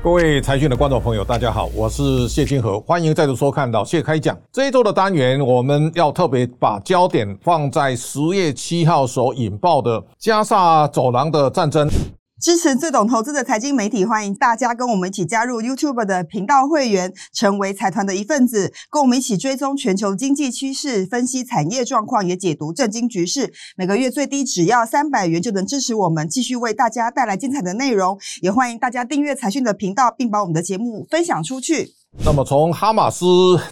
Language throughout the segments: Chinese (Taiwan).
各位財訊的觀眾朋友，大家好，我是謝金河，歡迎再度收看老謝開講。這一周的單元，我們要特別把焦點放在十月七號所引爆的加沙走廊的戰爭。支持最懂投資的財經媒體，歡迎大家跟我們一起加入 YouTube 的頻道會員，成為財團的一份子，跟我們一起追蹤全球經濟趨勢，分析產業狀況，也解讀政經局勢。每個月最低只要三百元，就能支持我們繼續為大家帶來精彩的內容。也歡迎大家訂閱財訊的頻道，並把我們的節目分享出去。那麼，從哈馬斯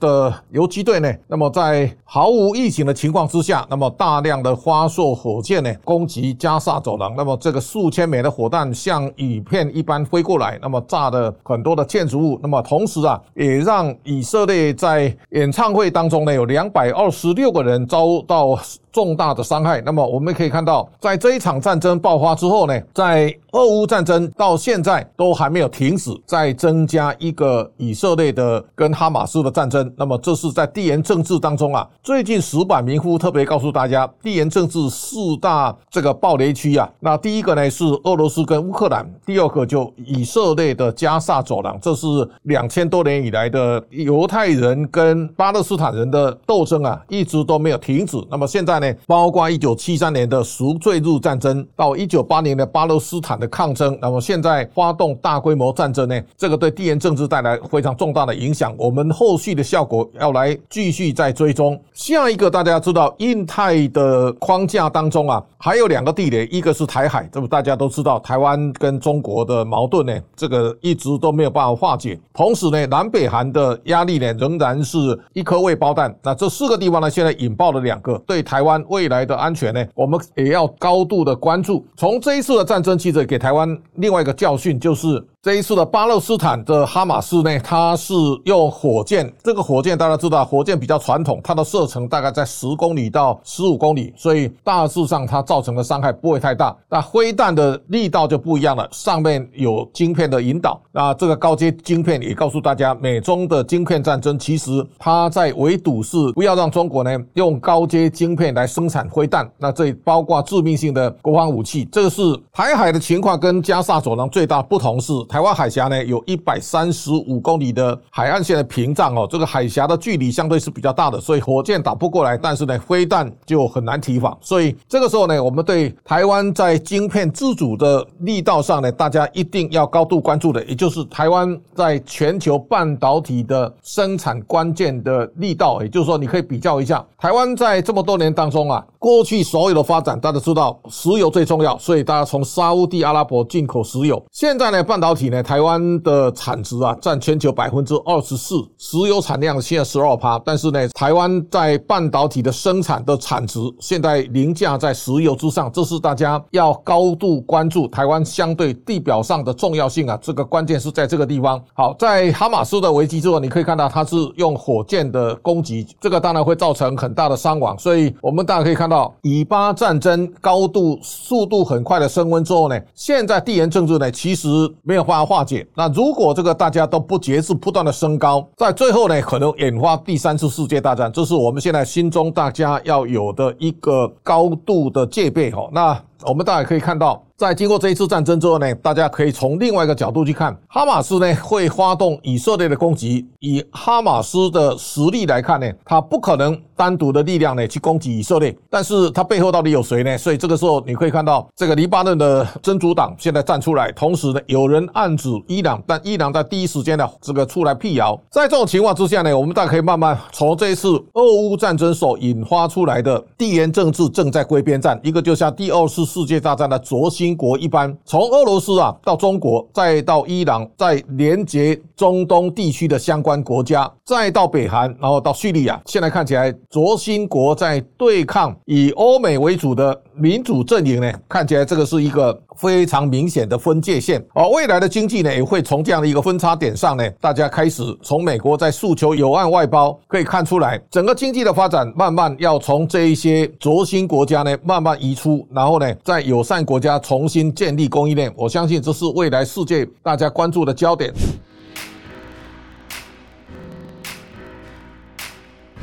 的游擊隊呢，那麼，在毫無預警的情況之下，那麼大量的發射火箭呢，攻擊加沙走廊。那麼，這個數千枚的火彈像雨片一般飛過來，那麼炸的很多的建築物。那麼，同時啊，也讓以色列在演唱會當中呢，有兩百二十六個人遭到。重大的傷害。那麼我們可以看到，在這一場戰爭爆發之後呢，在俄烏戰爭到現在都還沒有停止，再增加一個以色列的跟哈馬斯的戰爭。那麼這是在地緣政治當中啊，最近石板明夫特別告訴大家，地緣政治四大這個暴雷區啊，那第一個呢是俄羅斯跟烏克蘭，第二個就以色列的加薩走廊，這是兩千多年以來的猶太人跟巴勒斯坦人的鬥爭啊，一直都沒有停止。那麼現在。包括一九七三年的贖罪日戰爭，到一九八年的巴勒斯坦的抗爭，那麼現在發動大規模戰爭呢，這個對地緣政治帶來非常重大的影響。我們後續的效果要來繼續再追蹤。下一個大家知道，印太的框架當中啊，還有兩個地雷，一個是台海，這麼大家都知道台灣跟中國的矛盾呢，這個一直都沒有辦法化解。同時呢，南北韓的壓力呢，仍然是一顆未爆彈。那這四個地方呢，現在引爆了兩個，對台灣。未來的安全呢，我們也要高度的關注。從這一次的戰爭，其實給台灣另外一個教訓，就是。這一次的巴勒斯坦的哈馬斯呢，它是用火箭。這個火箭大家知道，火箭比較傳統，它的射程大概在十公里到十五公里，所以大致上它造成的傷害不會太大。那飛彈的力道就不一樣了，上面有晶片的引導。那這個高階晶片也告訴大家，美中的晶片戰爭其實它在圍堵是不要讓中國呢用高階晶片來生產飛彈。那這包括致命性的國防武器。這個是台海的情況跟加沙走廊最大不同是。台灣海峽呢，有一百三十五公里的海岸線的屏障哦，這個海峽的距離相對是比較大的，所以火箭打不過來，但是呢，飛彈就很難提防。所以這個時候呢，我們對台灣在晶片自主的力道上呢，大家一定要高度關注的，也就是台灣在全球半導體的生產關鍵的力道。也就是說，你可以比較一下，台灣在這麼多年當中啊，過去所有的發展，大家知道石油最重要，所以大家從沙烏地阿拉伯進口石油，現在呢，半導體台灣的產值啊，占全球百分之二十四；石油產量現在十二趴。但是呢，台灣在半導體的生產的產值現在凌駕在石油之上，這是大家要高度關注台灣相對地表上的重要性啊。這個關鍵是在這個地方。好，在哈馬斯的危機之後，你可以看到它是用火箭的攻擊，這個當然會造成很大的傷亡。所以，我們大家可以看到，以巴戰爭高度、速度很快的升溫之後呢，現在地緣政治呢，其實沒有發化解。那如果這個大家都不節制，不斷的升高，在最後呢，可能引發第三次世界大戰。這，就是我們現在心中大家要有的一個高度的戒備哈。那我們大家可以看到。在經過這一次戰爭之後呢，大家可以從另外一個角度去看，哈馬斯呢會發動以色列的攻擊。以哈馬斯的實力來看呢，他不可能單獨的力量呢去攻擊以色列。但是他背後到底有誰呢？所以這個時候你可以看到這個黎巴嫩的真主黨現在站出來，同時呢有人暗指伊朗，但伊朗在第一時間呢這個出來闢謠。在這種情況之下呢，我們大家可以慢慢從這一次俄烏戰爭所引發出來的地緣政治正在歸邊站，一個就像第二次世界大戰的軸心。中國一般從俄羅斯啊到中國，再到伊朗，再連接。中東地區的相關國家，再到北韓，然後到敘利亞，現在看起來，軸心國在對抗以歐美為主的民主陣營呢。看起來這個是一個非常明顯的分界線。而未來的經濟呢，也會從這樣的一個分叉點上呢，大家開始從美國在訴求友岸外包，可以看出來，整個經濟的發展慢慢要從這一些軸心國家呢，慢慢移出，然後呢，在友善國家重新建立供應鏈。我相信這是未來世界大家關注的焦點。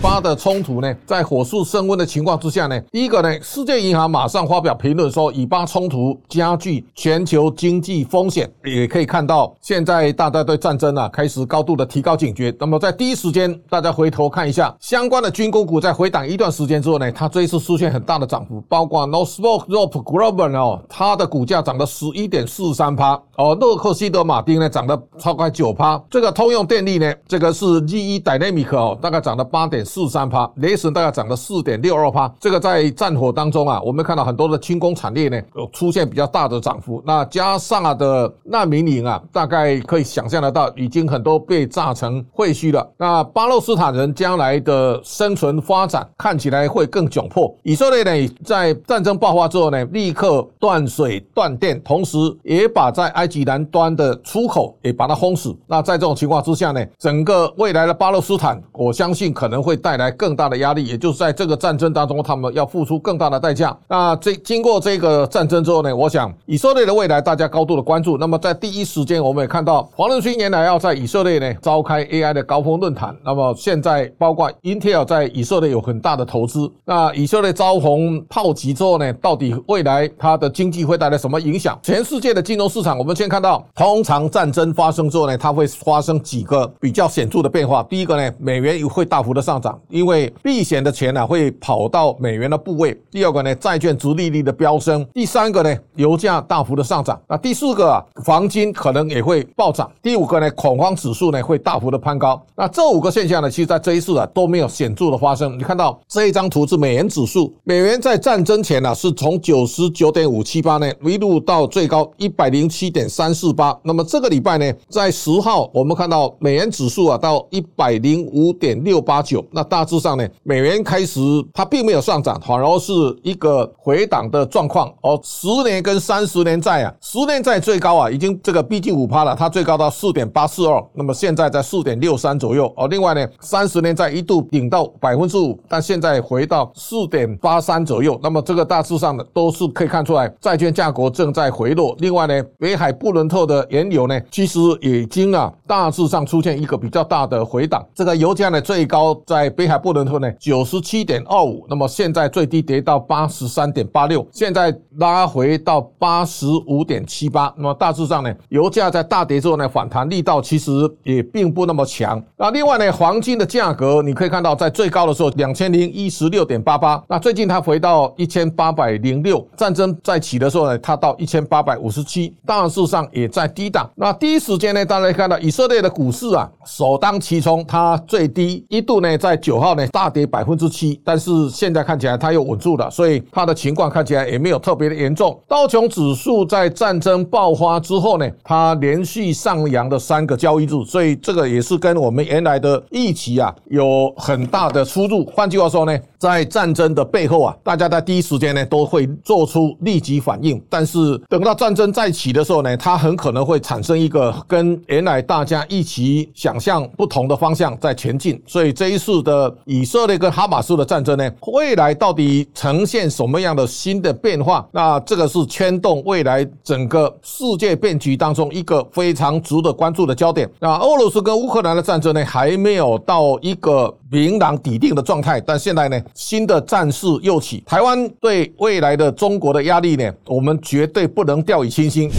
巴的衝突呢，在火速升溫的情況之下呢，第一個呢，世界銀行馬上發表評論說，以巴衝突加劇全球經濟風險。也可以看到，現在大家對戰爭啊開始高度的提高警覺。那麼在第一時間，大家回頭看一下相關的軍工股，在回檔一段時間之後呢，它這一次出現很大的漲幅，包括 Northrop Grumman 哦，它的股價漲了十一點四三%，而洛克希德馬丁呢漲了超過九%。這個通用電力呢，這個是 GE Dynamics 哦，大概漲了八點。四三趴，雷神大概漲了四點六二趴。這個在戰火當中啊，我們看到很多的軍工產業呢，有出現比較大的漲幅。那加薩的難民營啊，大概可以想象得到，已經很多被炸成廢墟了。那巴勒斯坦人將來的生存發展看起來會更窘迫。以色列呢，在戰爭爆發之後呢，立刻斷水斷電，同時也把在埃及南端的出口也把它轟死。那在這種情況之下呢，整個未來的巴勒斯坦，我相信可能會。帶來更大的壓力，也就是在這個戰爭當中，他們要付出更大的代價。那這經過這個戰爭之後呢，我想以色列的未來大家高度的關注。那麼在第一時間，我們也看到黃仁勳原來要在以色列呢召開 AI 的高峰論壇。那麼現在包括 Intel 在以色列有很大的投資。那以色列遭逢炮擊之後呢，到底未來它的經濟會帶來什麼影響？全世界的金融市場，我們先看到，通常戰爭發生之後呢，它會發生幾個比較顯著的變化。第一個呢，美元也會大幅的上漲。因為避險的錢呢、啊、會跑到美元的部位，第二個呢，債券殖利率的飆升，第三個呢，油價大幅的上漲，那第四個啊，黃金可能也會暴漲，第五個呢，恐慌指數呢會大幅的攀高。那這五個現象呢，其實，在這一次啊都沒有顯著的發生。你看到這一張圖是美元指數，美元在戰爭前呢、啊、是從九十九點五七八呢一路到最高一百零七點三四八，那麼這個禮拜呢，在十號我們看到美元指數啊到一百零五點六八九。那大致上呢，美元開始它並沒有上漲，反而是一個回檔的狀況。哦，十年跟三十年債啊，十年債最高啊，已經這個逼近五趴了，它最高到四點八四二，那麼現在在四點六三左右。哦，另外呢，三十年債一度頂到百分之五，但現在回到四點八三左右。那麼這個大致上呢，都是可以看出來，債券價格正在回落。另外呢，北海布倫特的原油呢，其實已經啊，大致上出現一個比較大的回檔。這個油價呢，最高在北海布倫特呢，九十七點二五，那麼現在最低跌到八十三點八六，現在拉回到八十五點七八，那麼大致上呢，油價在大跌之後呢，反彈力道其實也並不那麼強。那另外呢，黃金的價格你可以看到，在最高的時候兩千零一十六點八八，那最近它回到一千八百零六，戰爭再起的時候呢，它到一千八百五十七，大致上也在低檔。那第一時間呢，大家可以看到以色列的股市啊，首當其衝，它最低一度呢在。九號呢大跌百分之七，但是現在看起來它又穩住了，所以它的情況看起來也沒有特別的嚴重。道瓊指數在戰爭爆發之後呢，它連續上揚了三個交易日，所以這個也是跟我們原來的預期啊有很大的出入。換句話說呢，在戰爭的背後啊，大家在第一時間呢都會做出立即反應，但是等到戰爭再起的時候呢，它很可能會產生一個跟原來大家一起想象不同的方向在前進，所以這一次。的以色列跟哈馬斯的戰爭呢，未來到底呈現什麼樣的新的變化？那這個是牽動未來整個世界變局當中一個非常值得關注的焦點。那俄羅斯跟烏克蘭的戰爭呢，還沒有到一個明朗底定的狀態，但現在呢，新的戰事又起。台灣對未來的中國的壓力呢，我們絕對不能掉以輕心。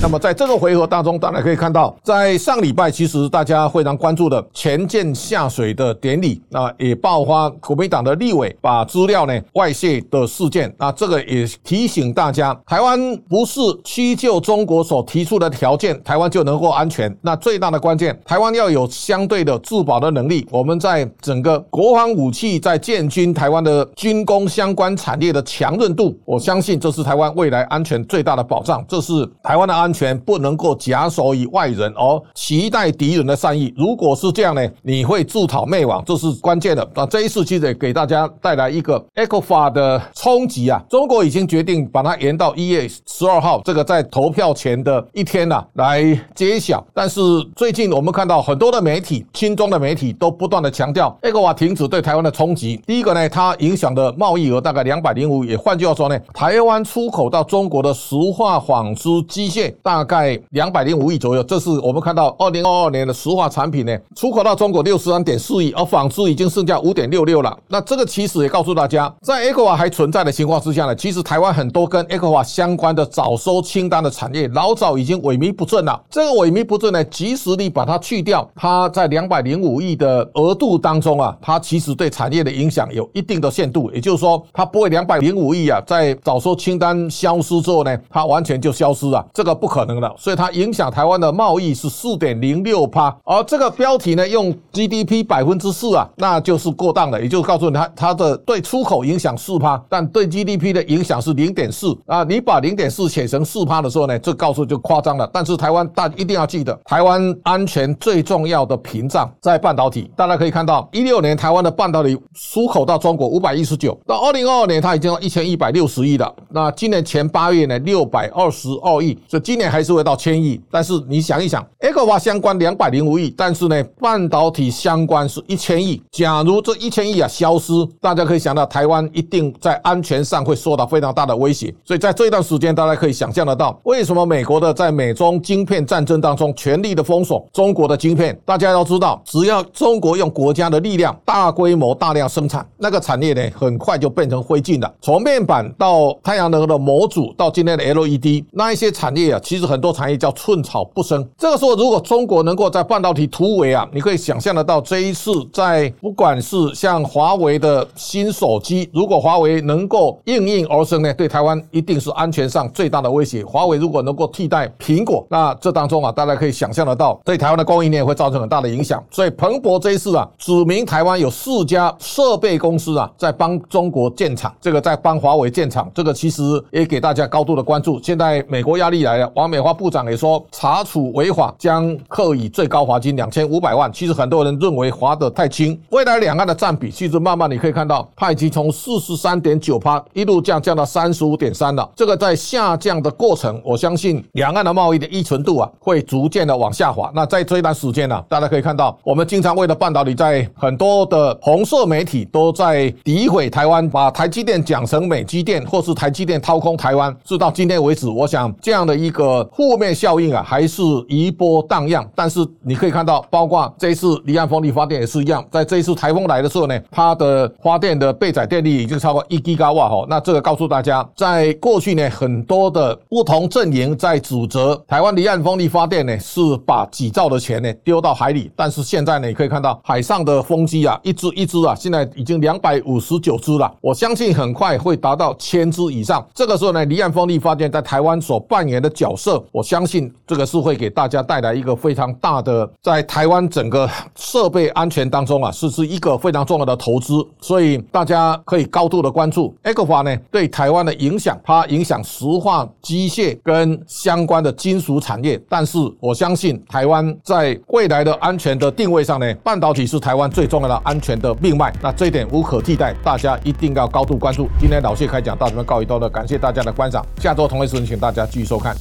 那麼在這個回合當中，當然可以看到，在上禮拜其實大家非常關注的潛艦下水的典禮，啊，也爆發國民黨的立委把資料呢外泄的事件，那這個也提醒大家，台灣不是屈就中國所提出的條件，台灣就能夠安全。那最大的關鍵，台灣要有相對的自保的能力。我們在整個國防武器在建軍，台灣的軍工相關產業的強韌度，我相信這是台灣未來安全最大的保障。這是台灣的安。安全不能夠假手以外人，哦，而期待敵人的善意。如果是這樣呢，你會自討滅亡，這是關鍵的。那這一次其實給大家帶來一個 ECFA 的衝擊啊，中國已經決定把它延到一月十二號，這個在投票前的一天呢，啊、來揭曉。但是最近我們看到很多的媒體，西方的媒體都不斷的強調 ECFA 停止對台灣的衝擊。第一個呢，它影響的貿易額大概兩百零五億，也換句話說呢，台灣出口到中國的石化紡織機械。大概兩百零五億左右，這是我們看到二零二二年的石化產品呢，出口到中國六十三點四億，而紡織已經剩下五點六六了。那這個其實也告訴大家，在 ECFA 還存在的情況之下呢，其實台灣很多跟 ECFA 相關的早收清單的產業，老早已經萎靡不振了。這個萎靡不振呢，即使你把它去掉，它在兩百零五億的額度當中啊，它其實對產業的影響有一定的限度。也就是說，它不會兩百零五億啊，在早收清單消失之後呢，它完全就消失了，這個不可。可能的，所以它影響台灣的貿易是四點零六趴，而這個標題呢，用 GDP 百分之四啊，那就是過當了，也就是告訴你它，它的對出口影響四趴，但對 GDP 的影響是零點四啊。你把零點四寫成四趴的時候呢，這告訴就誇張了。但是台灣大家一定要記得，台灣安全最重要的屏障在半導體。大家可以看到，一六年台灣的半導體出口到中國五百一十九，到二零二二年它已經到一千一百六十億了。那今年前八月呢，六百二十二億，這今今年還是會到千億，但是你想一想，ECFA 相關兩百零五億，但是呢，半導體相關是一千億。假如這一千億啊消失，大家可以想到台灣一定在安全上會受到非常大的威脅。所以在這一段時間，大家可以想象得到，為什麼美國的在美中晶片戰爭當中全力的封鎖中國的晶片。大家要知道，只要中國用國家的力量大規模大量生產，那個產業呢，很快就變成灰燼了。從面板到太陽能的模組，到今天的 LED，那一些產業啊。其實很多產業叫寸草不生。這個時候，如果中國能夠在半導體突圍啊，你可以想象得到，這一次在不管是像華為的新手機，如果華為能夠應運而生呢，對台灣一定是安全上最大的威脅。華為如果能夠替代蘋果，那這當中啊，大家可以想象得到，對台灣的供應鏈會造成很大的影響。所以，彭博這一次啊，指明台灣有四家設備公司啊，在幫中國建廠，這個在幫華為建廠，這個其實也給大家高度的關注。現在美國壓力來了。王美花部長也說，查處違法將課以最高罰金兩千五百萬。其實很多人認為罰得太輕。未來兩岸的占比，其實慢慢你可以看到，它已經從四十三點九趴一路降降到三十五點三了。這個在下降的過程，我相信兩岸的貿易的依存度啊，會逐漸的往下滑。那在這一段時間呢、啊，大家可以看到，我們經常為了半導體，在很多的紅色媒體都在詆毀台灣，把台積電講成美積電，或是台積電掏空台灣。直到今天為止，我想這樣的一個。呃，負面效應啊，還是一波蕩漾。但是你可以看到，包括這一次離岸風力發電也是一樣。在這一次台風來的時候呢，它的發電的備載電力已經超過一吉瓦哦。那這個告訴大家，在過去呢，很多的不同陣營在指責台灣離岸風力發電呢是把幾兆的錢呢丟到海裡。但是現在呢，你可以看到海上的風機啊，一支一支啊，現在已經兩百五十九支了。我相信很快會達到千支以上。這個時候呢，離岸風力發電在台灣所扮演的角色設，我相信這個是會給大家帶來一個非常大的，在台灣整個設備安全當中啊，是是一個非常重要的投資，所以大家可以高度的關注。ECFA 呢，對台灣的影響，它影響石化、機械跟相關的金屬產業。但是我相信台灣在未來的安全的定位上呢，半導體是台灣最重要的安全的命脈，那這一點無可替代，大家一定要高度關注。今天老謝開講到這邊告一段落，感謝大家的觀賞，下周同一時間請大家繼續收看。